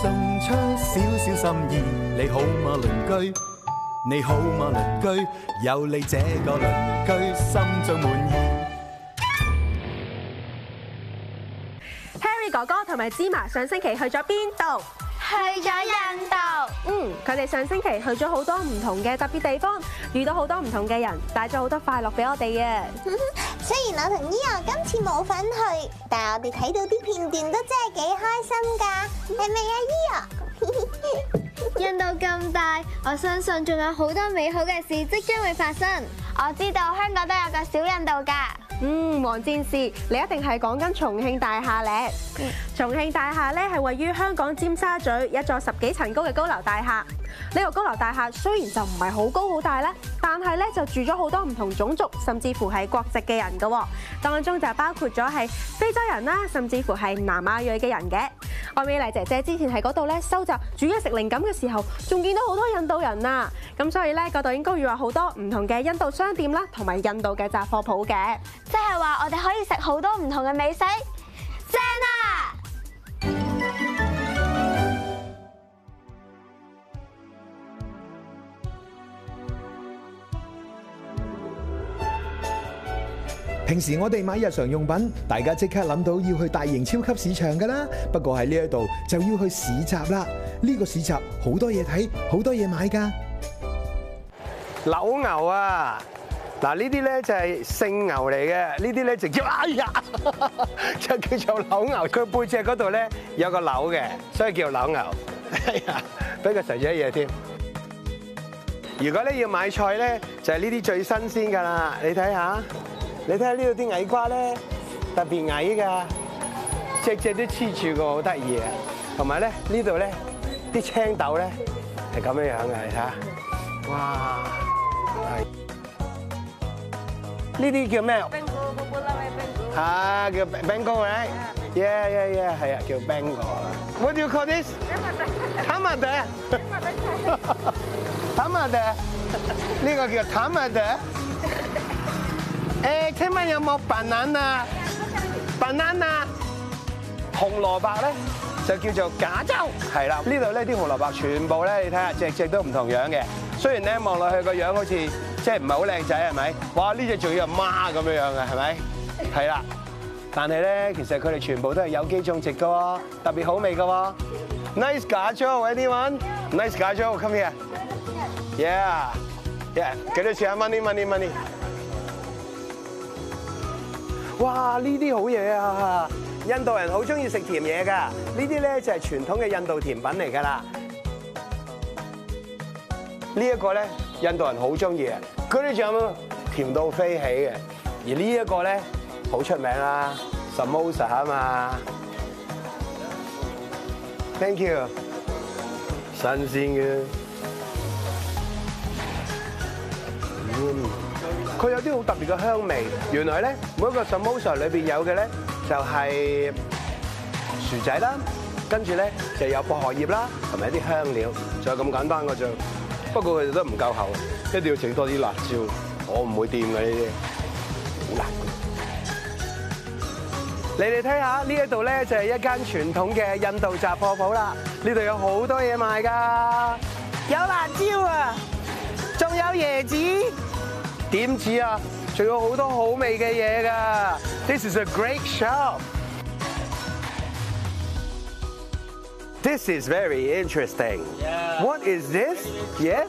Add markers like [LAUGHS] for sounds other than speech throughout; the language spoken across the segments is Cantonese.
送出少少心意，你好嗎鄰居？你好嗎鄰居？有你這個鄰居，心中滿意。Yeah! Harry 哥哥同埋芝麻上星期去咗邊度？去咗印度，嗯，佢哋上星期去咗好多唔同嘅特別地方，遇到好多唔同嘅人，帶咗好多快樂俾我哋嘅。雖然我同伊諾今次冇份去，但係我哋睇到啲片段都真係幾開心噶，係咪啊伊諾？印度咁大，我相信仲有好多美好嘅事即將會發生。我知道香港都有個小印度噶。嗯，黃戰士，你一定係講緊重慶大廈咧。重慶大廈咧係位於香港尖沙咀一座十幾層高嘅高樓大廈。呢個高樓大廈雖然就唔係好高好大啦，但係咧就住咗好多唔同種族，甚至乎係國籍嘅人嘅。當中就包括咗係非洲人啦，甚至乎係南亞裔嘅人嘅。愛美麗姐姐之前喺嗰度咧收集煮嘢食靈感嘅時候，仲見到好多印度人啊！咁所以咧，嗰度應該要有好多唔同嘅印度商店啦，同埋印度嘅雜貨鋪嘅。即係話，我哋可以食好多唔同嘅美食，正啊！平時我哋買日常用品，大家即刻諗到要去大型超級市場噶啦。不過喺呢一度就要去市集啦，呢個市集好多嘢睇，好多嘢買噶。柳牛啊！嗱，呢啲咧就係聖牛嚟嘅，呢啲咧直接哎呀，就叫做瘤牛。佢背脊嗰度咧有個瘤嘅，所以叫瘤牛。哎呀，畀個神豬嘢添。如果咧要買菜咧，就係呢啲最新鮮㗎喇。你睇下，你睇下呢度啲矮瓜咧，特別矮㗎，隻隻都黐住個，好得意啊。同埋咧呢度咧啲青豆咧係咁樣樣嘅，你睇下，哇！呢啲叫咩？哈，叫 baingan 嘛，yeah yeah yeah，係啊，叫 baingan。What do you call this？湯啊得，湯啊得，湯啊得，呢個叫湯啊得。誒，聽埋有冇班蘭？班蘭。紅蘿蔔咧就叫做加州，係啦。呢度咧啲紅蘿蔔全部咧，你睇下隻隻都唔同樣嘅。雖然咧望落去個樣好似。即係唔係好靚仔係咪？哇！呢隻仲要阿媽咁樣樣嘅係咪？係啦。但係咧，其實佢哋全部都係有機種植嘅喎，特別好味嘅喎。Nice Gajoo，anyone？Nice Gajoo，come here。Yeah，yeah，get the money，money，money，money，哇！呢啲好嘢啊！印度人好中意食甜嘢㗎。呢啲咧就係傳統嘅印度甜品嚟㗎啦。呢一個咧，印度人好中意嘅。嗰啲醬甜到飛起嘅，而呢一個咧好出名啦，samosa 啊嘛，thank you，新鮮嘅，佢有啲好特別嘅香味。原來咧，每一個 samosa 裏邊有嘅咧就係薯仔啦，跟住咧就有薄荷葉啦，同埋一啲香料，就係、是、咁簡單嘅啫。不過佢哋都唔夠厚。一定要整多啲辣椒，我唔會掂嘅呢啲，好難。你哋睇下呢一度咧，就係一間傳統嘅印度雜貨鋪啦。呢度有好多嘢賣㗎，有辣椒啊，仲有椰子，點子啊，仲有好多好味嘅嘢㗎。This is a great shop. This is very interesting. What is this? Yes.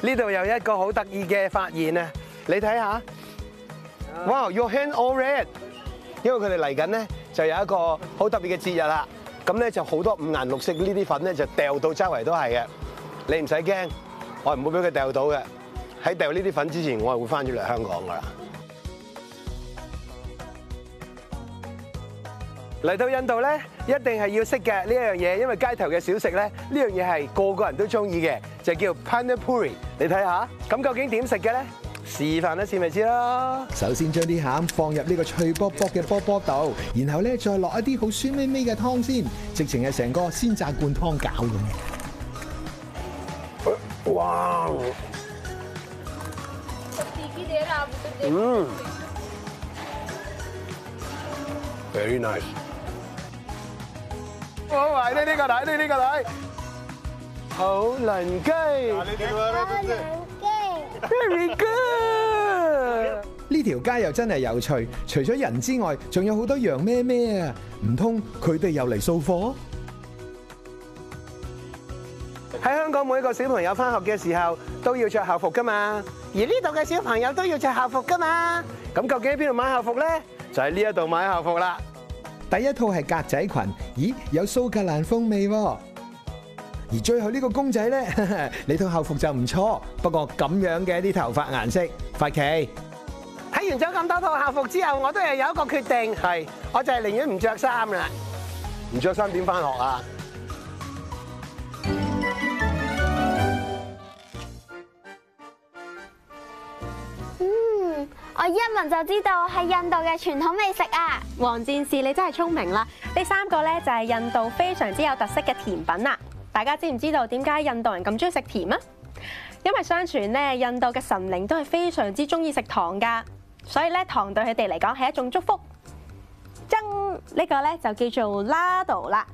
呢度有一個好得意嘅發現啊！你睇下，哇，your hand all red！因為佢哋嚟緊咧，就有一個好特別嘅節日啦。咁咧就好多五顏六色呢啲粉咧，就掉到周圍都係嘅。你唔使驚，我係唔會俾佢掉到嘅。喺掉呢啲粉之前，我係會返咗嚟香港噶啦。嚟到印度咧，一定係要識嘅呢一樣嘢，因為街頭嘅小食咧，呢樣嘢係個個人都中意嘅，就叫 Pani Puri。你睇下，咁究竟點食嘅咧？示範一次咪知咯。首先將啲餡放入呢個脆卜卜嘅卜卜度，然後咧再落一啲好酸味味嘅湯先，直情係成個鮮榨灌湯餃咁哇！嗯，very nice。好嚟呢啲嘅嚟呢啲嘅嚟，好爛街。好爛街，very good。呢條街又真係有趣，除咗人之外，仲有好多羊咩咩啊！唔通佢哋又嚟掃貨？喺香港每一個小朋友翻學嘅時候都要著校服㗎嘛，而呢度嘅小朋友都要著校服㗎嘛。咁究竟喺邊度買校服咧？就喺呢一度買校服啦。第一套係格仔裙，咦，有蘇格蘭風味喎，啊。而最後呢個公仔咧， [LAUGHS] 你套校服就唔錯，不過咁樣嘅啲頭髮顏色，發奇。睇完咗咁多套校服之後，我都係有一個決定，係我就係寧願唔着衫啦。唔着衫點返學啊？一聞就知道係印度嘅傳統美食啊！黃戰士，你真係聰明啦！呢三個呢，就係印度非常之有特色嘅甜品啦。大家知唔知道點解印度人咁中意食甜啊？因為相傳呢，印度嘅神靈都係非常之中意食糖噶，所以呢，糖對佢哋嚟講係一種祝福。真，呢個呢，就叫做拉道啦。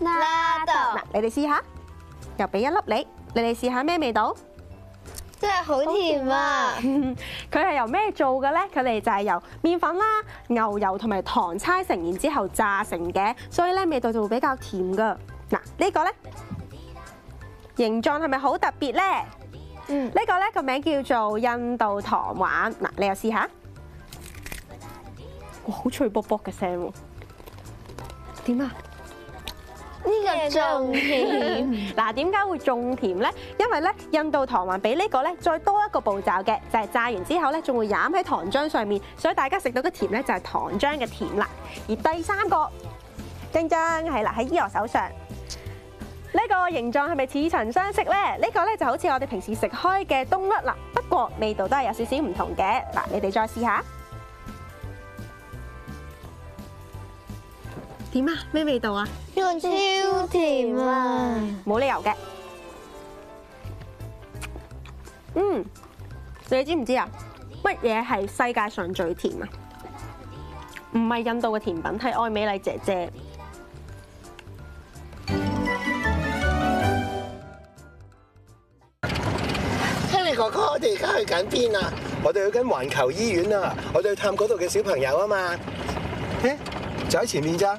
拉道。嗱，你哋試下，又俾一粒你，你哋試下咩味道。真係好甜，甜啊的！佢係由咩做嘅咧？佢哋就係由麵粉啦、牛油同埋糖搓成，然之後炸成嘅，所以咧味道就會比較甜噶。嗱，呢個咧形狀係咪好特別咧？嗯，呢個咧個名叫做印度糖丸，嗱，你又試下，哇，好脆卜卜嘅聲喎，點啊？這個、中呢個仲甜，嗱，點解會仲甜咧？因為咧，印度糖還比呢個咧再多一個步驟嘅，就係炸完之後咧，仲會浸喺糖漿上面，所以大家食到嘅甜咧就係糖漿嘅甜啦。而第三個，叮噹係啦，喺依個手上，呢個形狀係咪似曾相識咧？呢、這個咧就好似我哋平時食開嘅冬甩啦，不過味道都係有少少唔同嘅。嗱，你哋再試下。點啊？咩味道啊？呢個超甜啊！冇理由嘅。嗯，你知唔知啊？乜嘢係世界上最甜啊？唔係印度嘅甜品，係愛美麗姐姐的。聽你哥哥，我哋而家去緊邊啊？我哋去緊環球醫院啊！我哋去探嗰度嘅小朋友啊嘛。就喺前面咋？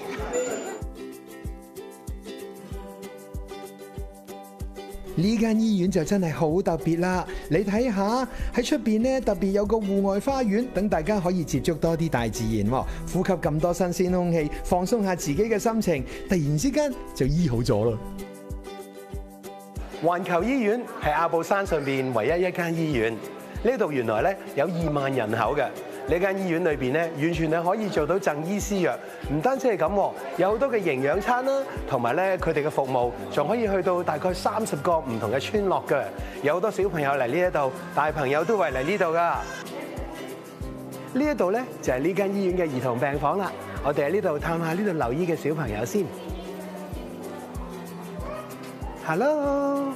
呢間醫院就真係好特別啦！你睇下喺出邊咧，特別有個戶外花園，等大家可以接觸多啲大自然，呼吸咁多新鮮空氣，放鬆下自己嘅心情，突然之間就醫好咗啦！環球醫院係阿布山上邊唯一一間醫院，呢度原來咧有二萬人口嘅。呢間醫院裏邊咧，完全係可以做到贈醫施藥，唔單止係咁，有好多嘅營養餐啦，同埋咧佢哋嘅服務仲可以去到大概三十個唔同嘅村落嘅，有好多小朋友嚟呢一度，大朋友都為嚟呢度噶。呢一度咧就係呢間醫院嘅兒童病房啦，我哋喺呢度探下呢度留醫嘅小朋友先。Hello。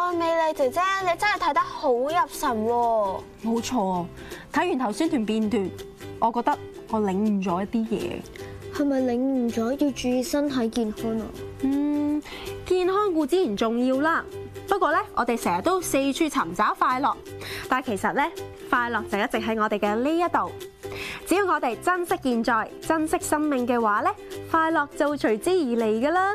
愛美麗姐姐，你真係睇得好入神喎！冇錯，睇完頭先段片段，我覺得我領悟咗一啲嘢。係咪領悟咗要注意身體健康啊？嗯，健康固然重要啦。不過咧，我哋成日都四處尋找快樂，但係其實咧，快樂就一直喺我哋嘅呢一度。只要我哋珍惜現在，珍惜生命嘅話咧，快樂就會隨之而嚟㗎啦。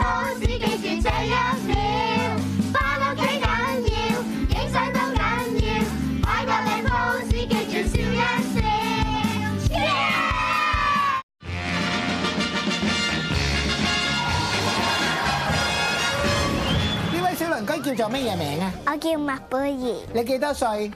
叫做乜嘢名啊？我叫麥貝兒。你幾多歲？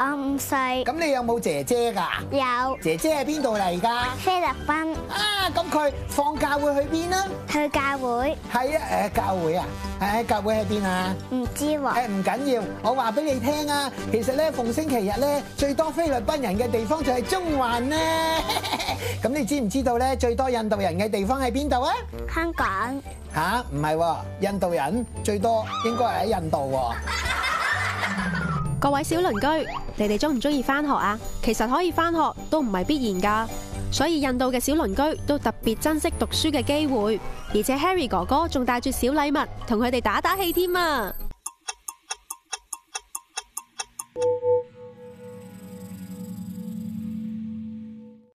我五歲。咁你有冇姐姐噶？有。姐姐係邊度嚟噶？菲律賓。啊，咁佢放假會去邊啊？去教會。係啊，誒，教會啊，誒，教會喺邊啊？唔知喎。誒，唔緊要，我話俾你聽啊，其實咧，逢星期日咧最多菲律賓人嘅地方就係中環咧。咁你知唔知道咧最多印度人嘅地方喺邊度啊？香港。吓，唔係喎，印度人最多應該係喺印度喎。各位小鄰居，你哋中唔中意返學啊？其實可以返學都唔係必然㗎，所以印度嘅小鄰居都特別珍惜讀書嘅機會，而且 Harry 哥哥仲帶住小禮物同佢哋打打氣添啊！